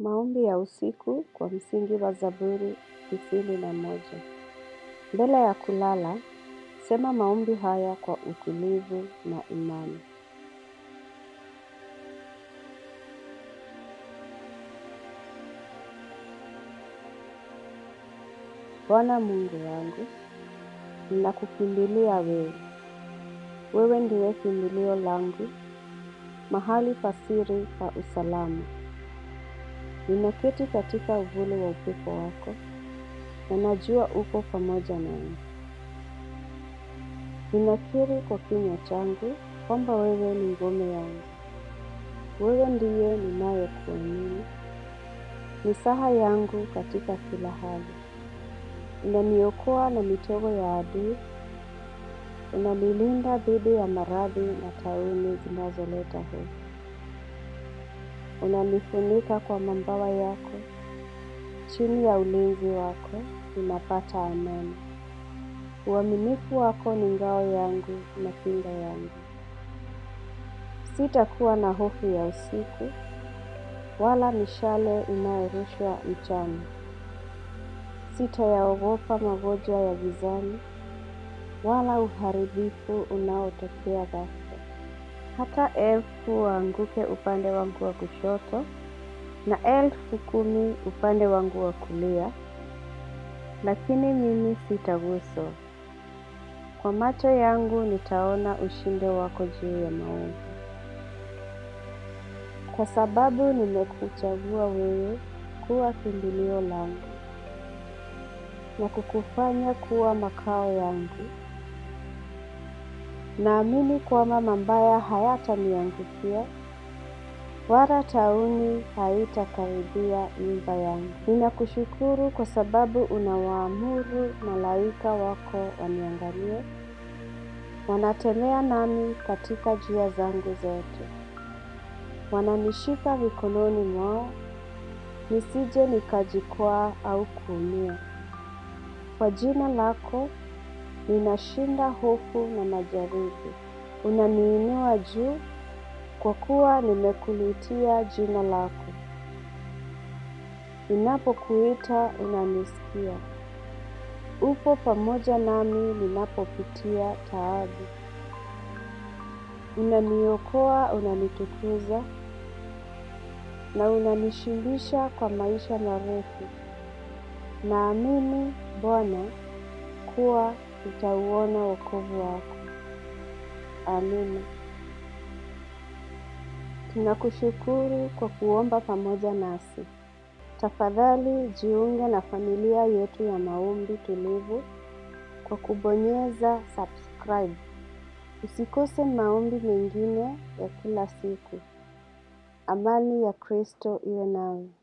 Maombi ya usiku kwa msingi wa zaburi tisini na moja. Mbele ya kulala, sema maombi haya kwa utulivu na imani. Bwana Mungu wangu, ninakukimbilia wewe. Wewe ndiwe kimbilio langu, mahali pa siri pa usalama. Ninaketi katika uvuli wa upepo wako na najua uko pamoja nami. Ninakiri kwa kinywa changu kwamba wewe ni ngome yangu. Wewe ndiye ninayekuamini, ni saha yangu katika kila hali. Unaniokoa na mitego ya adui, unanilinda dhidi ya maradhi na tauni zinazoleta hofu. Unanifunika kwa mabawa yako. Chini ya ulinzi wako ninapata amani. Uaminifu wako ni ngao yangu na kinga yangu. Sitakuwa na hofu ya usiku, wala mishale inayorushwa mchana. Sitayaogopa magonjwa ya gizani, wala uharibifu unaotokea ghafla hata elfu waanguke upande wangu wa kushoto na elfu kumi upande wangu wa kulia, lakini mimi sitaguswa. Kwa macho yangu nitaona ushindi wako juu ya maovu. Kwa sababu nimekuchagua wewe kuwa kimbilio langu na kukufanya kuwa makao yangu Naamini kwamba mabaya hayataniangukia, wala tauni haitakaribia nyumba yangu. Ninakushukuru kwa sababu unawaamuru malaika wako waniangalie, wanatembea nami katika njia zangu zote, wananishika mikononi mwao, nisije nikajikwaa au kuumia. Kwa jina lako Ninashinda hofu na majaribu. Unaniinua juu kwa kuwa nimekulitia jina lako. Ninapokuita unanisikia. Upo pamoja nami ninapopitia taabu. Unaniokoa, unanitukuza na unanishindisha kwa maisha marefu. Naamini Bwana kuwa utauona wokovu wako. Amina. Tunakushukuru kwa kuomba pamoja nasi. Tafadhali jiunge na familia yetu ya maombi tulivu kwa kubonyeza subscribe. Usikose maombi mengine ya kila siku. Amani ya Kristo iwe nawe.